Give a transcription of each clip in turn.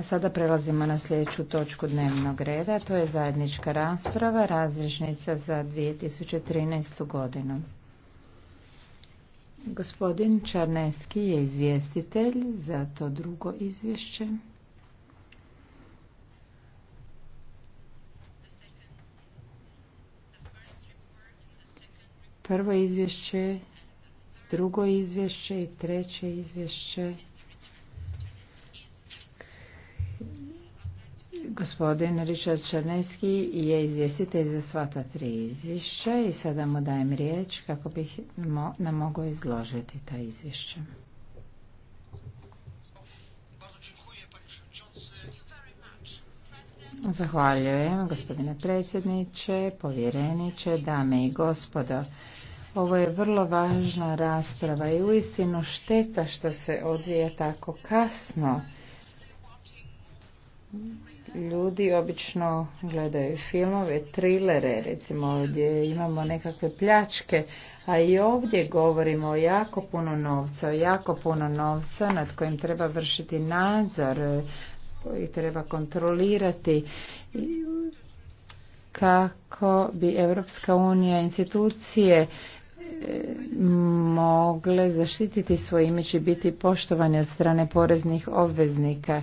A sada prelazimo na sljedeću točku dnevnog reda, to je zajednička rasprava, razrišnica za 2013. godinu. Gospodin Čarneski je izvjestitelj za to drugo izvješće. Prvo izvješće, drugo izvješće i treće izvješće. Gospodin Richard Černeski je izvjestitelj za svata tri izvješća i sada mu dajem riječ kako bih nam mogao izložiti ta izvješća. Zahvaljujem, gospodine predsjedniče, povjereniče, dame i gospodo. Ovo je vrlo važna rasprava i uistinu šteta što se odvija tako kasno ljudi obično gledaju filmove, trilere, recimo gdje imamo nekakve pljačke, a i ovdje govorimo o jako puno novca, o jako puno novca nad kojim treba vršiti nadzor e, i treba kontrolirati kako bi Europska unija institucije e, mogle zaštititi svoj ime i biti poštovane od strane poreznih obveznika.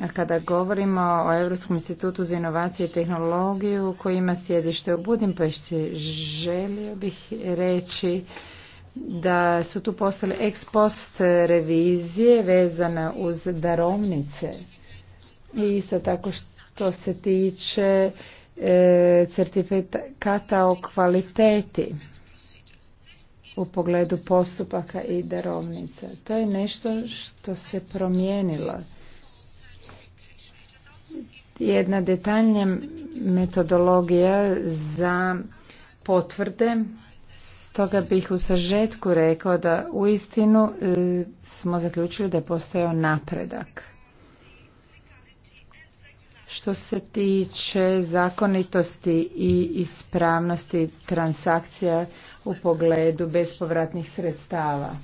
A Kada govorimo o Europskom institutu za inovacije i tehnologiju koji ima sjedište u Budimpešti, želio bih reći da su tu postale ex post revizije vezane uz darovnice i isto tako što se tiče e, certifikata o kvaliteti u pogledu postupaka i darovnica. To je nešto što se promijenilo jedna detaljnija metodologija za potvrde. Stoga bih u sažetku rekao da u istinu e, smo zaključili da je postojao napredak. Što se tiče zakonitosti i ispravnosti transakcija u pogledu bespovratnih sredstava.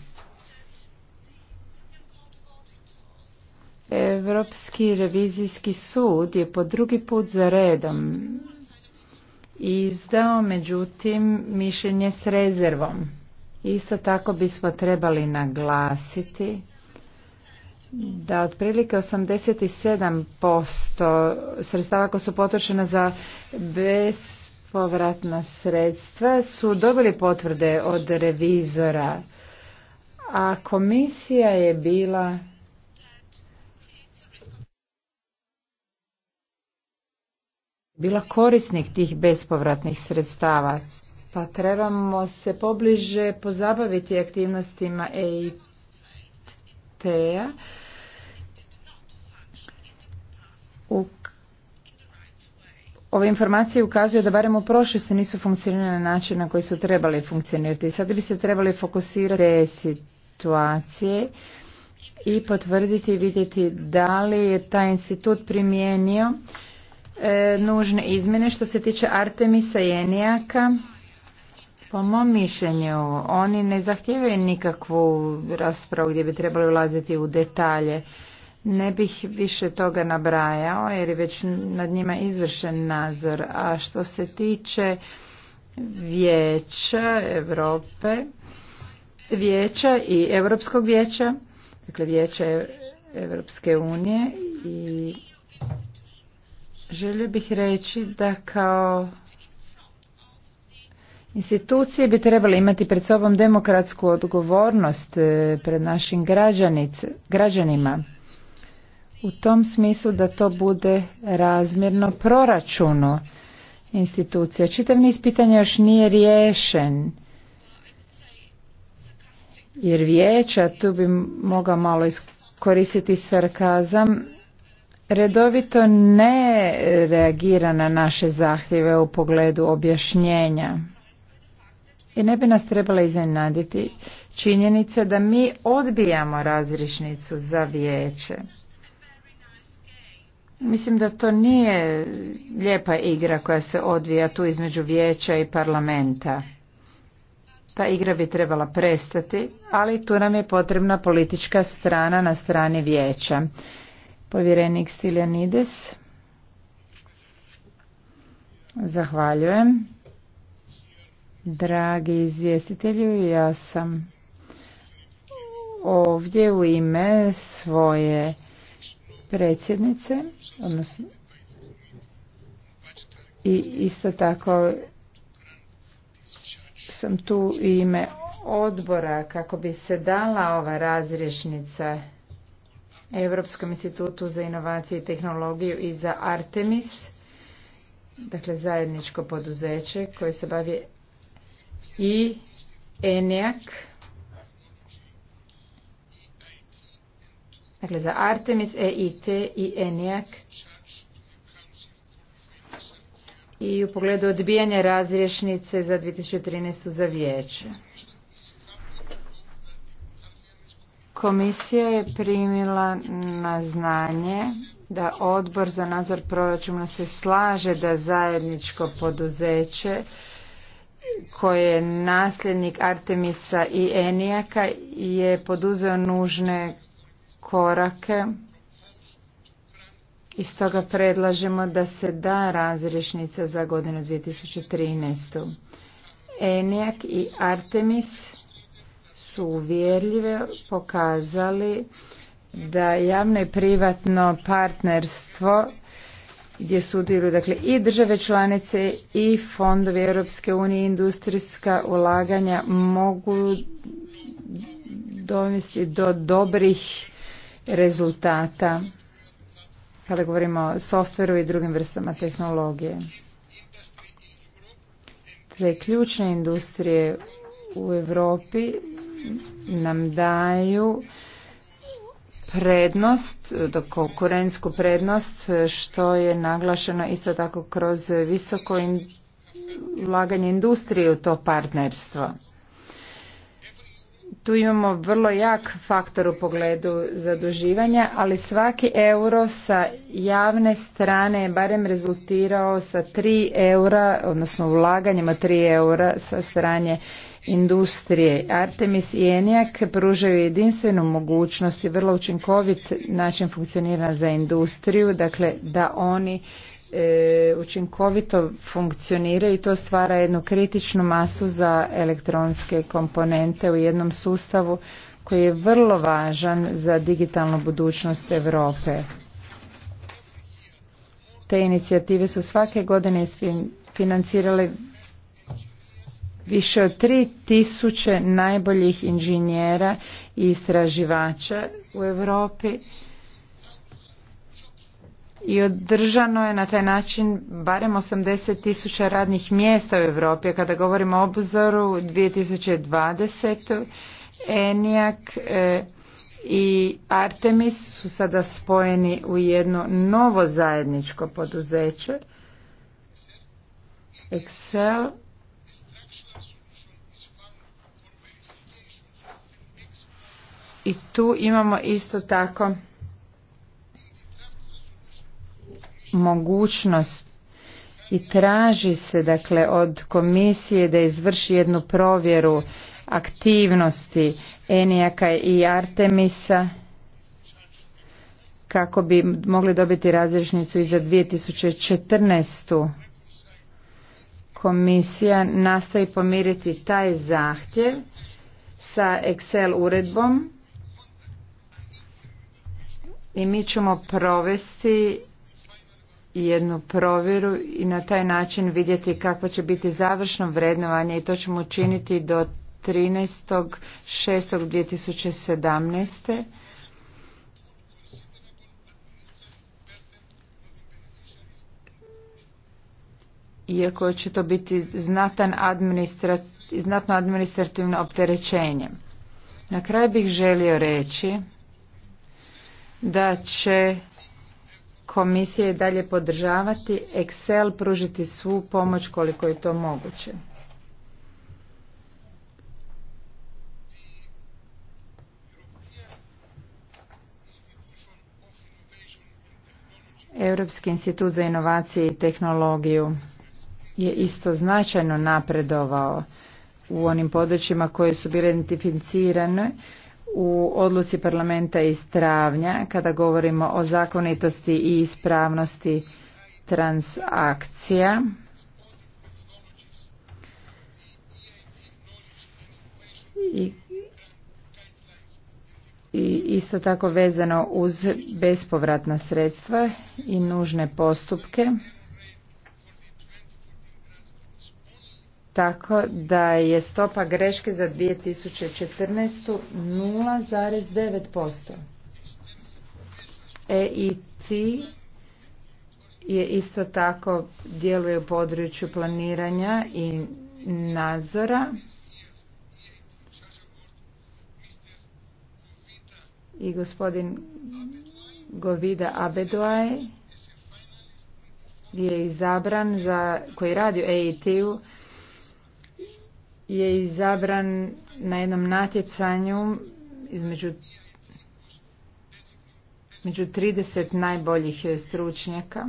Europski revizijski sud je po drugi put za redom izdao međutim mišljenje s rezervom. Isto tako bismo trebali naglasiti da otprilike 87% sredstava koja su potrošena za bespovratna sredstva su dobili potvrde od revizora, a komisija je bila bila korisnik tih bespovratnih sredstava. Pa trebamo se pobliže pozabaviti aktivnostima EIT-a ove informacije ukazuju da barem u prošlosti nisu funkcionirane na način na koji su trebali funkcionirati. Sada bi se trebali fokusirati te situacije i potvrditi i vidjeti da li je taj institut primijenio E, nužne izmjene što se tiče Artemisa i Enijaka. Po mom mišljenju, oni ne zahtijevaju nikakvu raspravu gdje bi trebali ulaziti u detalje. Ne bih više toga nabrajao jer je već nad njima izvršen nadzor. A što se tiče vijeća Europe, vijeća i Europskog vijeća, dakle vijeća Europske unije i Želio bih reći da kao institucije bi trebali imati pred sobom demokratsku odgovornost e, pred našim građanima u tom smislu da to bude razmjerno proračunu institucija. Čitav niz pitanja još nije riješen. Jer vijeća, tu bi mogao malo iskoristiti sarkazam, redovito ne reagira na naše zahtjeve u pogledu objašnjenja. I ne bi nas trebala iznenaditi činjenica da mi odbijamo razrišnicu za vijeće. Mislim da to nije lijepa igra koja se odvija tu između vijeća i parlamenta. Ta igra bi trebala prestati, ali tu nam je potrebna politička strana na strani vijeća. Povjerenik Stiljanides. Zahvaljujem. Dragi izvjestitelju, ja sam ovdje u ime svoje predsjednice, odnosno i isto tako sam tu u ime odbora kako bi se dala ova razrješnica Europskom institutu za inovacije i tehnologiju i za Artemis, dakle zajedničko poduzeće koje se bavi i ENIAC, dakle za Artemis, EIT i ENIAC i u pogledu odbijanja razrješnice za 2013. za vijeće. Komisija je primila na znanje da odbor za nadzor proračuna se slaže da zajedničko poduzeće koje je nasljednik Artemisa i Enijaka je poduzeo nužne korake i stoga predlažemo da se da razrješnica za godinu 2013. Enijak i Artemis su uvjerljive pokazali da javno i privatno partnerstvo gdje sudjeluju dakle i države članice i fondovi Europske unije industrijska ulaganja mogu dovesti do dobrih rezultata kada govorimo o softveru i drugim vrstama tehnologije. Te ključne industrije u Europi nam daju prednost, konkurentsku prednost, što je naglašeno isto tako kroz visoko ulaganje industrije u to partnerstvo. Tu imamo vrlo jak faktor u pogledu zaduživanja, ali svaki euro sa javne strane je barem rezultirao sa 3 eura, odnosno ulaganjima 3 eura sa strane industrije. Artemis i Enijak pružaju jedinstvenu mogućnost i vrlo učinkovit način funkcionira za industriju, dakle da oni e, učinkovito funkcioniraju i to stvara jednu kritičnu masu za elektronske komponente u jednom sustavu koji je vrlo važan za digitalnu budućnost Europe. Te inicijative su svake godine financirale više od tisuće najboljih inženjera i istraživača u Europi i održano je na taj način barem 80 tisuća radnih mjesta u Europi. Kada govorimo o obzoru 2020. Enijak i Artemis su sada spojeni u jedno novo zajedničko poduzeće. Excel i tu imamo isto tako mogućnost i traži se dakle od komisije da izvrši jednu provjeru aktivnosti Enijaka i Artemisa kako bi mogli dobiti razrešnicu i za 2014. Komisija nastavi pomiriti taj zahtjev sa Excel uredbom i mi ćemo provesti jednu provjeru i na taj način vidjeti kako će biti završno vrednovanje i to ćemo učiniti do 13.6.2017. Iako će to biti znatan znatno administrativno opterećenje. Na kraj bih želio reći da će komisija i dalje podržavati, Excel pružiti svu pomoć koliko je to moguće. Europski institut za inovacije i tehnologiju je isto značajno napredovao u onim područjima koje su bile identificirane u odluci parlamenta iz travnja kada govorimo o zakonitosti i ispravnosti transakcija. I, isto tako vezano uz bespovratna sredstva i nužne postupke. tako da je stopa greške za 2014. 0,9%. EIT je isto tako djeluje u području planiranja i nadzora. I gospodin Govida Abedoaj je izabran za, koji radi u EIT-u je izabran na jednom natjecanju između među 30 najboljih stručnjaka.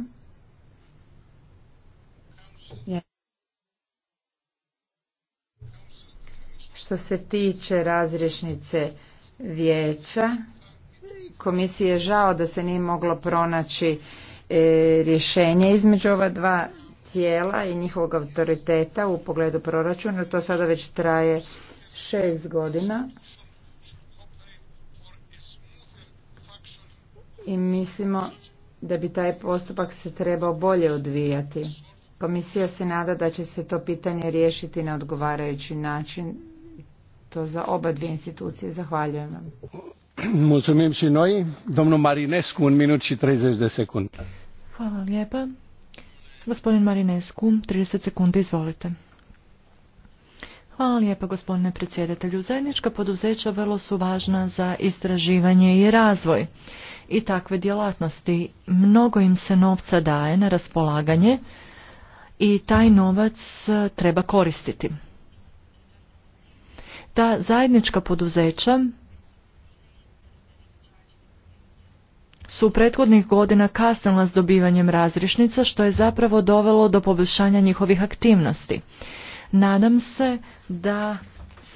Što se tiče razrješnice vijeća, komisije je žao da se nije moglo pronaći e, rješenje između ova dva tijela i njihovog autoriteta u pogledu proračuna. To sada već traje šest godina. I mislimo da bi taj postupak se trebao bolje odvijati. Komisija se nada da će se to pitanje riješiti na odgovarajući način. To za oba dvije institucije. Zahvaljujem vam. Hvala lijepa. Gospodin Marinescu, 30 sekundi, izvolite. Hvala lijepa gospodine predsjedatelju. Zajednička poduzeća vrlo su važna za istraživanje i razvoj i takve djelatnosti. Mnogo im se novca daje na raspolaganje i taj novac e, treba koristiti. Ta zajednička poduzeća su prethodnih godina kasnila s dobivanjem razrišnica što je zapravo dovelo do poboljšanja njihovih aktivnosti. Nadam se da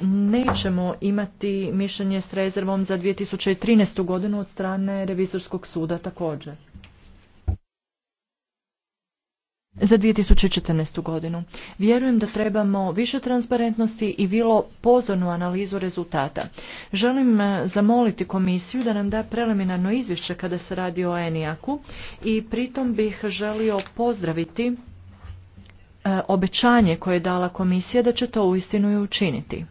nećemo imati mišljenje s rezervom za 2013. godinu od strane Revizorskog suda također za 2014. godinu. Vjerujem da trebamo više transparentnosti i bilo pozornu analizu rezultata. Želim e, zamoliti komisiju da nam da preliminarno izvješće kada se radi o eniac u i pritom bih želio pozdraviti e, obećanje koje je dala komisija da će to uistinu i učiniti.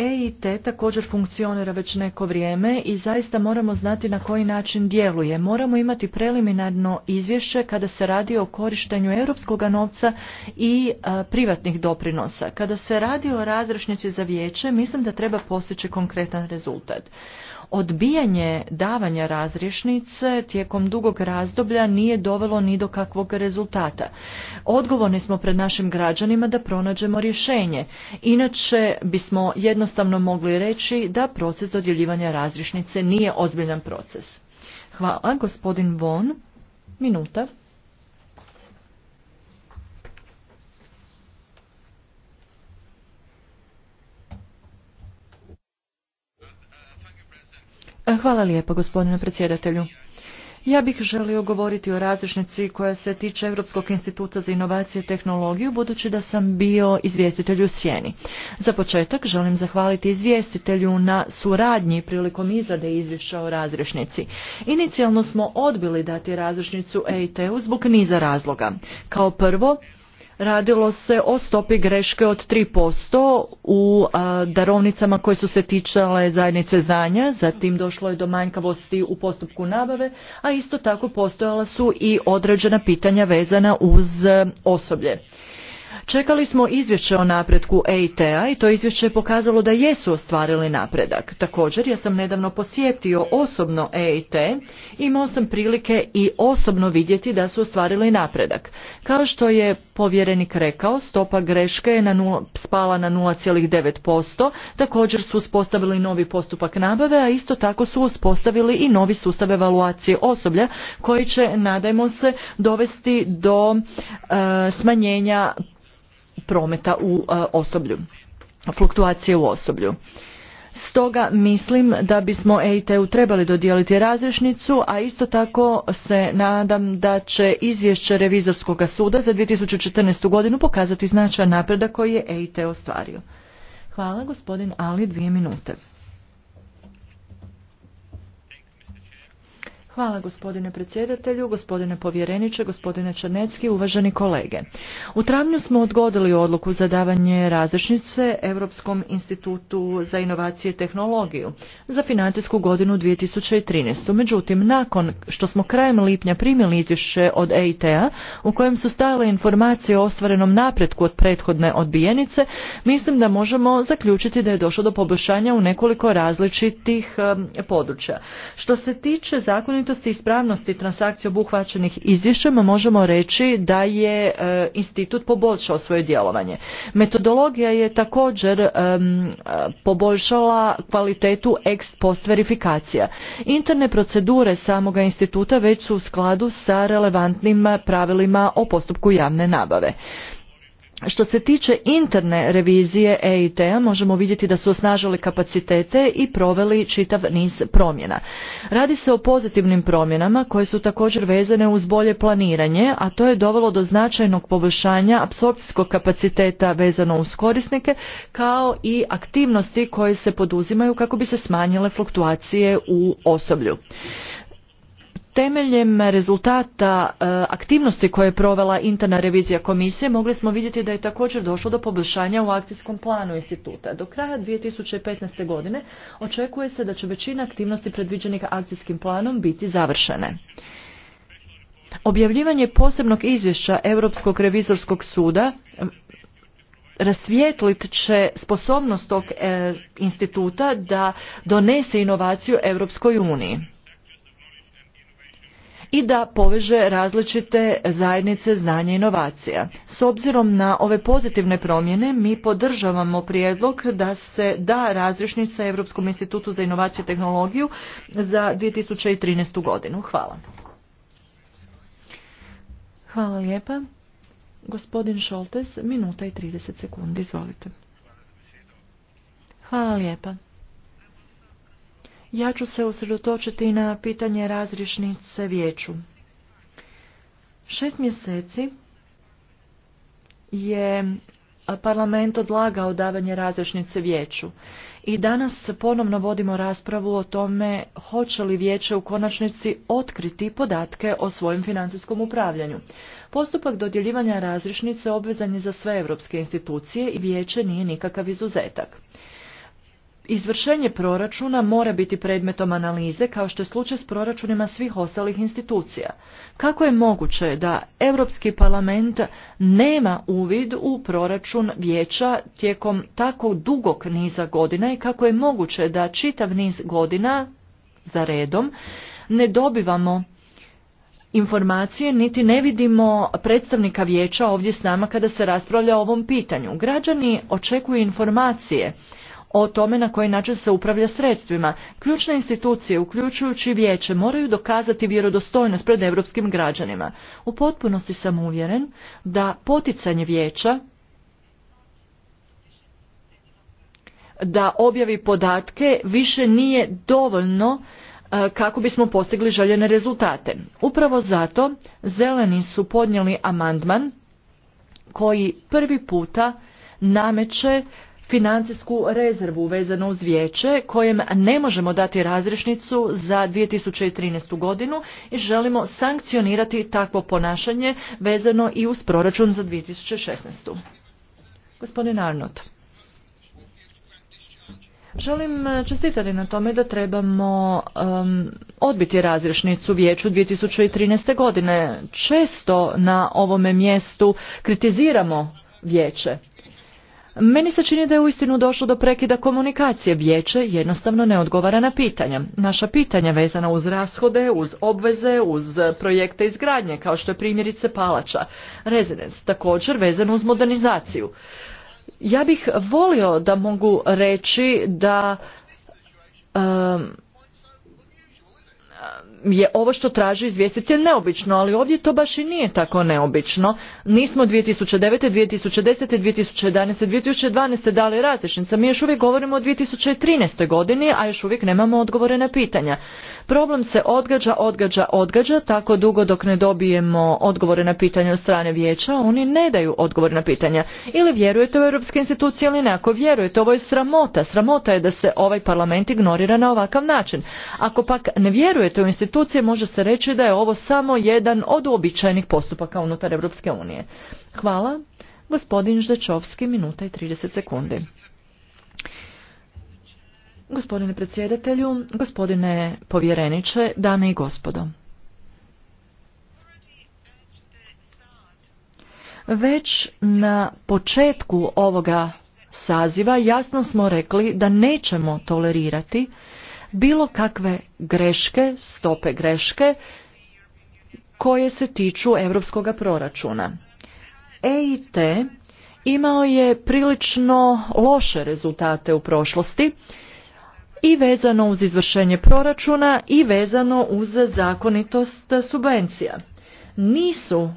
EIT također funkcionira već neko vrijeme i zaista moramo znati na koji način djeluje. Moramo imati preliminarno izvješće kada se radi o korištenju europskog novca i e, privatnih doprinosa. Kada se radi o razrešnici za vijeće, mislim da treba postići konkretan rezultat. Odbijanje davanja razrješnice tijekom dugog razdoblja nije dovelo ni do kakvog rezultata. Odgovorni smo pred našim građanima da pronađemo rješenje. Inače bismo jednostavno mogli reći da proces dodjeljivanja razrješnice nije ozbiljan proces. Hvala, gospodin Von. Minuta. Hvala lijepa gospodine predsjedatelju. Ja bih želio govoriti o različnici koja se tiče Europskog instituta za inovacije i tehnologiju, budući da sam bio izvjestitelj u Sjeni. Za početak želim zahvaliti izvjestitelju na suradnji prilikom izrade izvješća o razrešnici. Inicijalno smo odbili dati razrešnicu EIT-u zbog niza razloga. Kao prvo, Radilo se o stopi greške od 3% u darovnicama koje su se tičale zajednice znanja, zatim došlo je do manjkavosti u postupku nabave, a isto tako postojala su i određena pitanja vezana uz e, osoblje. Čekali smo izvješće o napretku EIT-a i to izvješće je pokazalo da jesu ostvarili napredak. Također, ja sam nedavno posjetio osobno EIT, imao sam prilike i osobno vidjeti da su ostvarili napredak. Kao što je povjerenik rekao, stopa greške je na spala na 0,9%, također su uspostavili novi postupak nabave, a isto tako su uspostavili i novi sustav evaluacije osoblja koji će, nadajmo se, dovesti do e, smanjenja prometa u e, osoblju, fluktuacije u osoblju. Stoga mislim da bismo EIT-u trebali dodijeliti razrešnicu, a isto tako se nadam da će izvješće Revizorskog suda za 2014. godinu pokazati značajan napredak koji je EIT ostvario. Hvala gospodin Ali, dvije minute. Hvala gospodine predsjedatelju, gospodine povjereniče, gospodine Črnecki, uvaženi kolege. U travnju smo odgodili odluku za davanje različnice Europskom institutu za inovacije i tehnologiju za financijsku godinu 2013. Međutim, nakon što smo krajem lipnja primili izvješće od EIT-a u kojem su stale informacije o ostvarenom napretku od prethodne odbijenice, mislim da možemo zaključiti da je došlo do poboljšanja u nekoliko različitih područja. Što se tiče zakonito zakonitosti i ispravnosti transakcija obuhvaćenih izvješćem možemo reći da je e, institut poboljšao svoje djelovanje. Metodologija je također poboljšala kvalitetu ex post verifikacija. Interne procedure samoga instituta već su u skladu sa relevantnim pravilima o postupku javne nabave. Što se tiče interne revizije EIT-a možemo vidjeti da su osnažili kapacitete i proveli čitav niz promjena. Radi se o pozitivnim promjenama koje su također vezane uz bolje planiranje, a to je dovelo do značajnog poboljšanja apsorpcijskog kapaciteta vezano uz korisnike kao i aktivnosti koje se poduzimaju kako bi se smanjile fluktuacije u osoblju temeljem rezultata e, aktivnosti koje je provela interna revizija komisije mogli smo vidjeti da je također došlo do poboljšanja u akcijskom planu instituta. Do kraja 2015. godine očekuje se da će većina aktivnosti predviđenih akcijskim planom biti završene. Objavljivanje posebnog izvješća Europskog revizorskog suda e, rasvijetlit će sposobnost tog e, instituta da donese inovaciju Europskoj uniji i da poveže različite zajednice znanja i inovacija. S obzirom na ove pozitivne promjene mi podržavamo prijedlog da se da razrišnica Europskom institutu za inovaciju i tehnologiju za 2013. godinu. Hvala. Hvala lijepa. Gospodin Šoltes, minuta i 30 sekundi, izvolite. Hvala lijepa. Ja ću se usredotočiti na pitanje razrišnice vijeću. Šest mjeseci je parlament odlagao davanje razrišnice vijeću. I danas ponovno vodimo raspravu o tome hoće li vijeće u konačnici otkriti podatke o svojem financijskom upravljanju. Postupak dodjeljivanja razrišnice obvezan je za sve evropske institucije i vijeće nije nikakav izuzetak. Izvršenje proračuna mora biti predmetom analize kao što je slučaj s proračunima svih ostalih institucija. Kako je moguće da Europski parlament nema uvid u proračun vijeća tijekom tako dugog niza godina i kako je moguće da čitav niz godina za redom ne dobivamo informacije niti ne vidimo predstavnika vijeća ovdje s nama kada se raspravlja o ovom pitanju. Građani očekuju informacije o tome na koji način se upravlja sredstvima. Ključne institucije, uključujući vijeće, moraju dokazati vjerodostojnost pred europskim građanima. U potpunosti sam uvjeren da poticanje vijeća da objavi podatke više nije dovoljno e, kako bismo postigli željene rezultate. Upravo zato zeleni su podnijeli amandman koji prvi puta nameće financijsku rezervu vezanu uz vijeće kojem ne možemo dati razrešnicu za 2013. godinu i želimo sankcionirati takvo ponašanje vezano i uz proračun za 2016. Gospodin Arnott. Želim eh, čestitati na tome da trebamo odbiti razrješnicu vijeću 2013. godine. Često na ovome mjestu kritiziramo vijeće. Meni se čini da je uistinu došlo do prekida komunikacije. Vijeće jednostavno ne odgovara na pitanja. Naša pitanja vezana uz rashode, uz obveze, uz projekte izgradnje, kao što je primjerice Palača, Residence, također vezano uz modernizaciju. Ja bih volio da mogu reći da je ovo što traži izvjestitelj neobično, ali ovdje to baš i nije tako neobično. Nismo 2009. 2010. 2011. 2012. dali različnica. Mi još uvijek govorimo o 2013. godini, a još uvijek nemamo odgovore na pitanja. Problem se odgađa, odgađa, odgađa, tako dugo dok ne dobijemo odgovore na pitanja od strane vijeća, oni ne daju odgovore na pitanja. Ili vjerujete u europske institucije ili ne. Ako vjerujete, ovo je sramota. Sramota je da se ovaj parlament ignorira na ovakav način. Ako pak ne vjerujete u institucije, institucije može se reći da je ovo samo jedan od uobičajenih postupaka unutar Europske unije. Hvala. Gospodin Ždečovski, minuta i 30 sekundi. Gospodine predsjedatelju, gospodine povjereniče, dame i gospodo. Već na početku ovoga saziva jasno smo rekli da nećemo tolerirati bilo kakve greške, stope greške koje se tiču evropskog proračuna. EIT imao je prilično loše rezultate u prošlosti i vezano uz izvršenje proračuna i vezano uz zakonitost subvencija. Nisu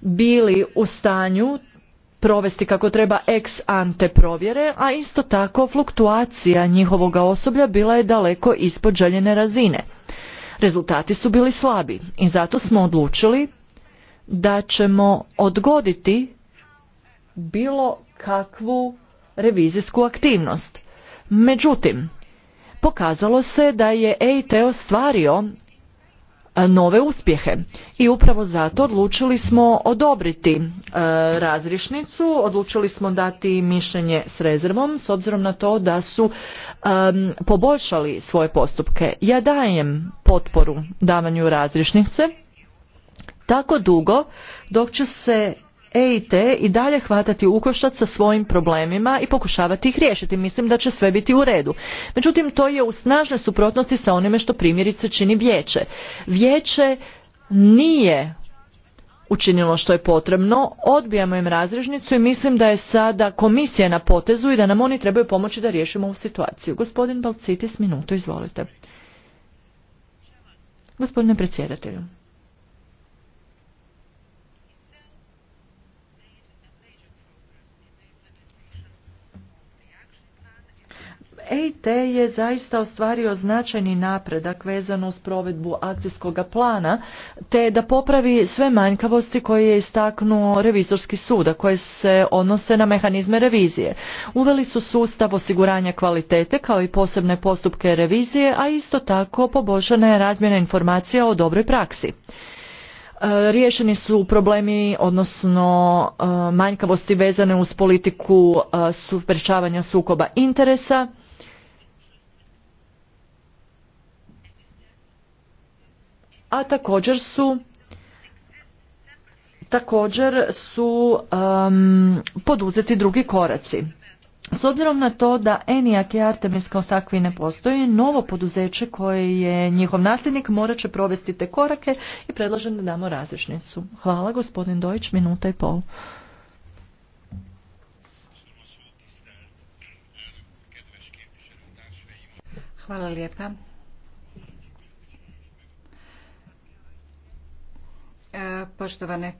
bili u stanju provesti kako treba ex ante provjere, a isto tako fluktuacija njihovoga osoblja bila je daleko ispod željene razine. Rezultati su bili slabi i zato smo odlučili da ćemo odgoditi bilo kakvu revizijsku aktivnost. Međutim, pokazalo se da je EIT ostvario nove uspjehe i upravo zato odlučili smo odobriti e, razrišnicu, odlučili smo dati mišljenje s rezervom s obzirom na to da su poboljšali svoje postupke. Ja dajem potporu davanju razrišnice tako dugo dok će se EIT i dalje hvatati ukoštac sa svojim problemima i pokušavati ih riješiti. Mislim da će sve biti u redu. Međutim, to je u snažnoj suprotnosti sa onime što primjerice čini vijeće. Vijeće nije učinilo što je potrebno, odbijamo im razrežnicu i mislim da je sada komisija na potezu i da nam oni trebaju pomoći da riješimo ovu situaciju. Gospodin Balcitis, minuto, izvolite. Gospodine predsjedatelju. te je zaista ostvario značajni napredak vezano uz provedbu akcijskog plana, te da popravi sve manjkavosti koje je istaknuo revizorski a koje se odnose na mehanizme revizije. Uveli su sustav osiguranja kvalitete kao i posebne postupke revizije, a isto tako poboljšana je razmjena informacija o dobroj praksi. E, riješeni su problemi, odnosno e, manjkavosti vezane uz politiku e, sprečavanja sukoba interesa, a također su također su poduzeti drugi koraci. S obzirom na to da Enijak i Artemis kao takvi ne postoji, novo poduzeće koje je njihov nasljednik morat će provesti te korake i predlažem da damo različnicu. Hvala gospodin Dojić, minuta i pol. Hvala lijepa. Poštovane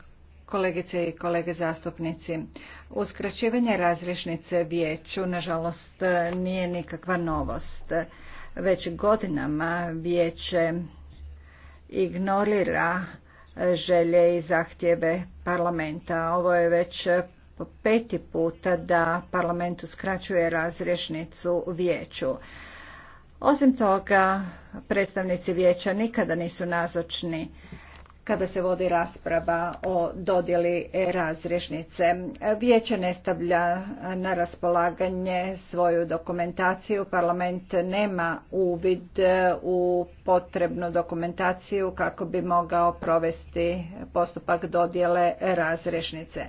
kolegice i kolege zastupnici. Uskraćivanje razrješnice vijeću, nažalost, nije nikakva novost. Već godinama vijeće ignorira želje i zahtjeve parlamenta. Ovo je već peti puta da parlament uskraćuje razrješnicu vijeću. Osim toga, predstavnici vijeća nikada nisu nazočni kada se vodi rasprava o dodjeli razrešnice, Vijeće ne stavlja na raspolaganje svoju dokumentaciju, parlament nema uvid u potrebnu dokumentaciju kako bi mogao provesti postupak dodjele razrješnice.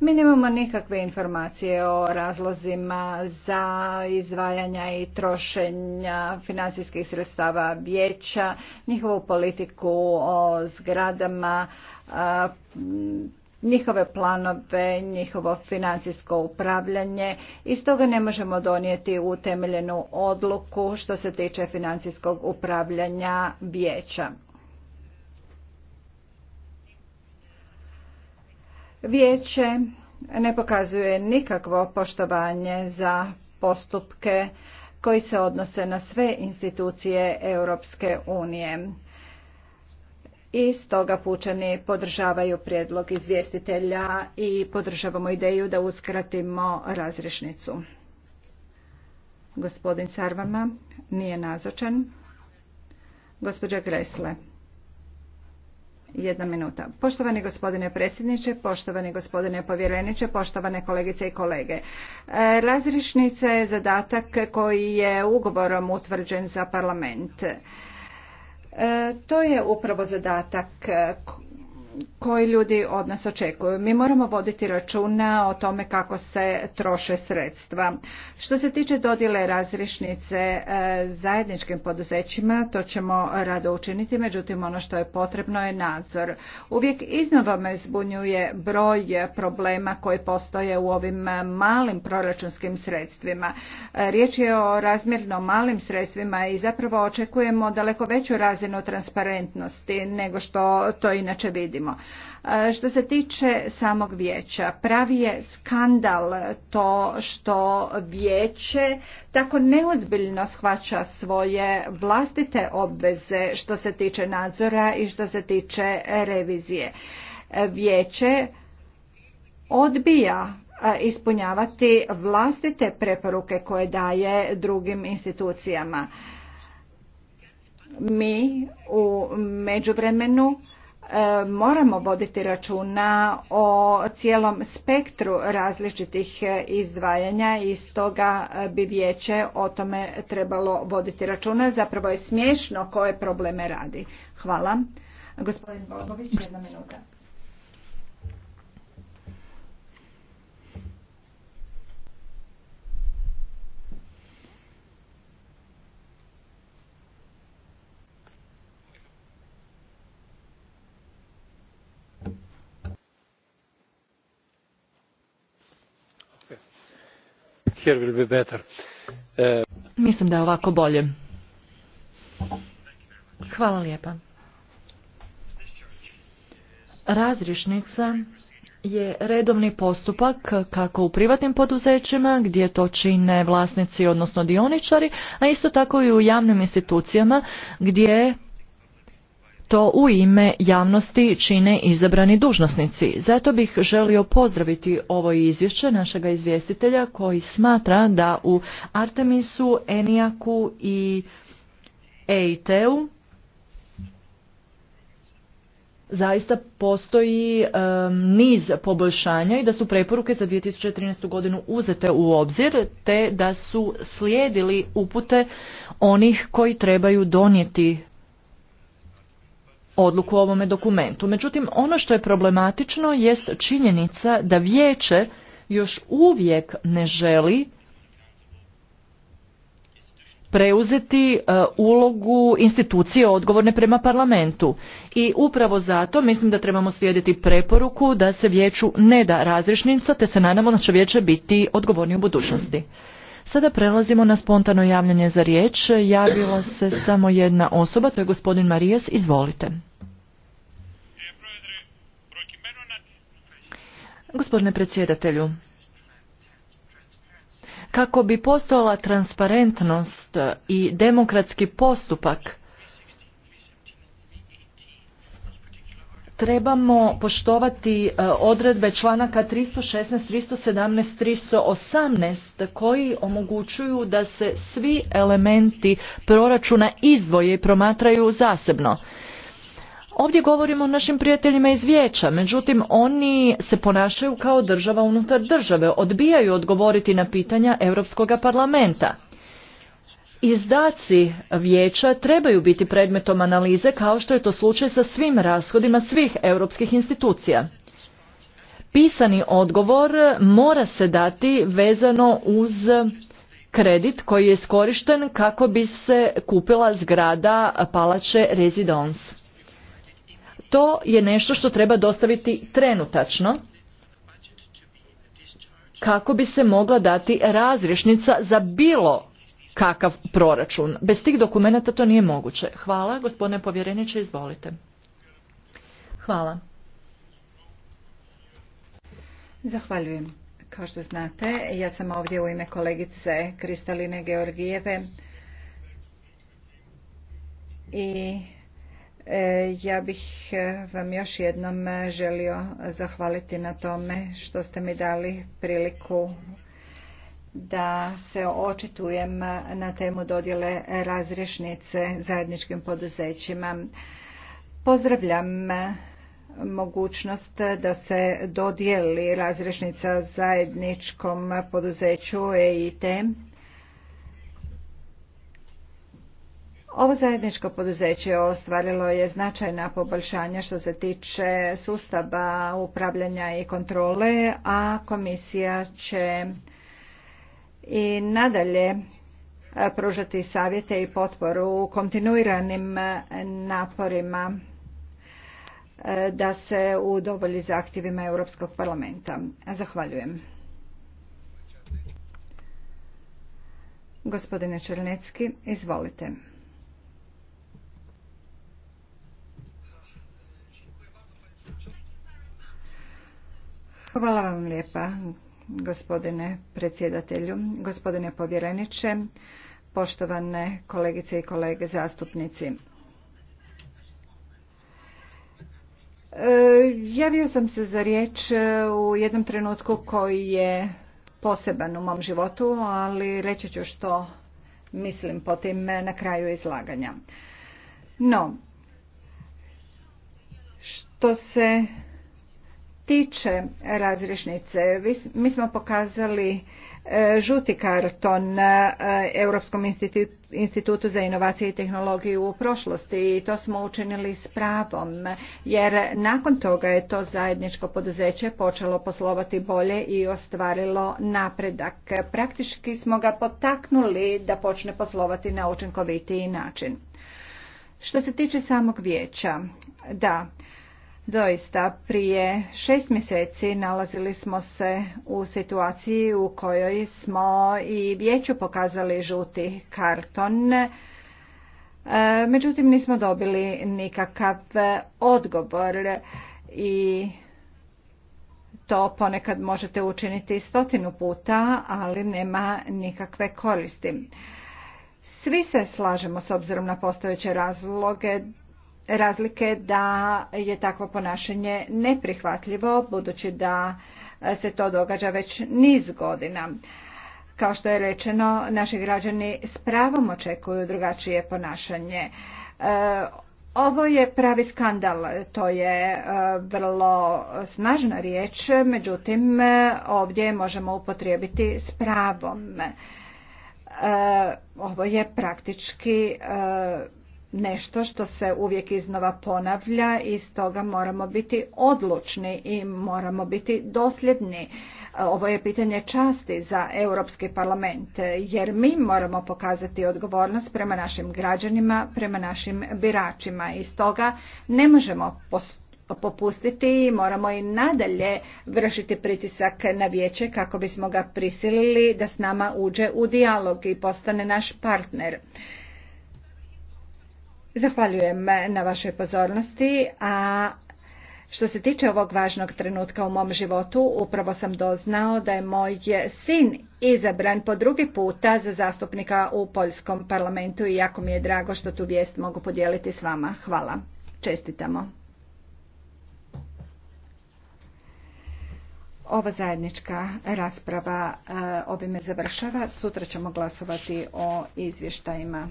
Mi nemamo nikakve informacije o razlozima za izdvajanja i trošenja financijskih sredstava vijeća, njihovu politiku o zgradama, njihove planove, njihovo financijsko upravljanje i stoga ne možemo donijeti utemeljenu odluku što se tiče financijskog upravljanja vijeća. Vijeće ne pokazuje nikakvo poštovanje za postupke koji se odnose na sve institucije Europske unije. I stoga pučani podržavaju prijedlog izvjestitelja i podržavamo ideju da uskratimo razrešnicu. Gospodin Sarvama nije nazočan. Gospođa Gresle. Jedna minuta. Poštovani gospodine predsjedniče, poštovani gospodine povjereniče, poštovane kolegice i kolege. E, razrišnica je zadatak koji je ugovorom utvrđen za parlament. E, to je upravo zadatak koji ljudi od nas očekuju. Mi moramo voditi računa o tome kako se troše sredstva. Što se tiče dodjele razrišnice e, zajedničkim poduzećima, to ćemo rado učiniti, međutim ono što je potrebno je nadzor. Uvijek iznova me zbunjuje broj problema koji postoje u ovim malim proračunskim sredstvima. E, riječ je o razmjerno malim sredstvima i zapravo očekujemo daleko veću razinu transparentnosti nego što to inače vidimo. E, što se tiče samog vijeća, pravi je skandal to što vijeće tako neozbiljno shvaća svoje vlastite obveze što se tiče nadzora i što se tiče revizije. E, vijeće odbija e, ispunjavati vlastite preporuke koje daje drugim institucijama. Mi u međuvremenu E, moramo voditi računa o cijelom spektru različitih e, izdvajanja i stoga e, bi vijeće o tome trebalo voditi računa. Zapravo je smiješno koje probleme radi. Hvala. Gospodin Bogović, jedna minuta. E, Mislim da je ovako bolje. Hvala lijepa. Razrišnica je redovni postupak kako u privatnim poduzećima gdje to čine vlasnici odnosno dioničari, a isto tako i u javnim institucijama gdje to u ime javnosti čine izabrani dužnosnici. Zato bih želio pozdraviti ovo izvješće našega izvjestitelja koji smatra da u Artemisu, Enijaku i eit zaista postoji niz poboljšanja i da su preporuke za 2013. godinu uzete u obzir te da su slijedili upute onih koji trebaju donijeti odluku o ovome dokumentu. Međutim, ono što je problematično jest činjenica da vijeće još uvijek ne želi preuzeti e, ulogu institucije odgovorne prema parlamentu. I upravo zato mislim da trebamo slijediti preporuku da se vijeću ne da razrišnica te se nadamo da će vijeće biti odgovorni u budućnosti. Sada prelazimo na spontano javljanje za riječ. Javila se samo jedna osoba, to je gospodin Marijas. Izvolite. Gospodine predsjedatelju, kako bi postojala transparentnost i demokratski postupak, trebamo poštovati e, odredbe članaka 316, 317, 318 koji omogućuju da se svi elementi proračuna izdvoje i promatraju zasebno. Ovdje govorimo o našim prijateljima iz vijeća, međutim oni se ponašaju kao država unutar države, odbijaju odgovoriti na pitanja europskoga parlamenta izdaci vijeća trebaju biti predmetom analize kao što je to slučaj sa svim rashodima svih europskih institucija. Pisani odgovor mora se dati vezano uz kredit koji je iskorišten kako bi se kupila zgrada palače Residence. To je nešto što treba dostaviti trenutačno kako bi se mogla dati razrješnica za bilo kakav proračun. Bez tih dokumenata to nije moguće. Hvala, gospodine povjereniče, izvolite. Hvala. Zahvaljujem. Kao što znate, ja sam ovdje u ime kolegice Kristaline Georgijeve i e, ja bih e, vam još jednom želio zahvaliti na tome što ste mi dali priliku da se očitujem na temu dodjele razrešnice zajedničkim poduzećima. Pozdravljam mogućnost da se dodijeli razrešnica zajedničkom poduzeću EIT. Ovo zajedničko poduzeće ostvarilo je značajna poboljšanja što se tiče sustava upravljanja i kontrole, a komisija će i nadalje e, pružati savjete i potporu u kontinuiranim e, naporima e, da se udovolji zahtjevima Europskog parlamenta. Zahvaljujem. Gospodine Črnecki, izvolite. Hvala vam lijepa, gospodine predsjedatelju, gospodine povjereniče, poštovane kolegice i kolege zastupnici. E, javio sam se za riječ e, u jednom trenutku koji je poseban u mom životu, ali reći ću što mislim po tim e, na kraju izlaganja. No, što se tiče razrešnice, mi smo pokazali e, žuti karton e, Europskom institutu za inovacije i tehnologiju u prošlosti i to smo učinili s pravom jer nakon toga je to zajedničko poduzeće počelo poslovati bolje i ostvarilo napredak. Praktički smo ga potaknuli da počne poslovati na učinkovitiji način. Što se tiče samog vijeća, da, Doista, prije šest mjeseci nalazili smo se u situaciji u kojoj smo i vijeću pokazali žuti karton, e, međutim nismo dobili nikakav odgovor i to ponekad možete učiniti stotinu puta, ali nema nikakve koristi. Svi se slažemo s obzirom na postojeće razloge razlike da je takvo ponašanje neprihvatljivo budući da e, se to događa već niz godina. Kao što je rečeno, naši građani s pravom očekuju drugačije ponašanje. E, ovo je pravi skandal, to je e, vrlo snažna riječ, međutim ovdje možemo upotrijebiti s pravom. Ovo je praktički nešto što se uvijek iznova ponavlja i stoga moramo biti odlučni i moramo biti dosljedni. Ovo je pitanje časti za Europski parlament jer mi moramo pokazati odgovornost prema našim građanima, prema našim biračima i stoga ne možemo popustiti i moramo i nadalje vršiti pritisak na vijeće kako bismo ga prisilili da s nama uđe u dijalog i postane naš partner. Zahvaljujem na vašoj pozornosti, a što se tiče ovog važnog trenutka u mom životu, upravo sam doznao da je moj sin izabran po drugi puta za zastupnika u Poljskom parlamentu i jako mi je drago što tu vijest mogu podijeliti s vama. Hvala. Čestitamo. Ova zajednička rasprava e, ovime završava. Sutra ćemo glasovati o izvještajima.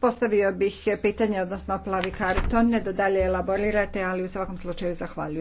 postavio bih pitanje, odnosno plavi karton, ne da dalje elaborirate, ali u svakom slučaju zahvaljujem.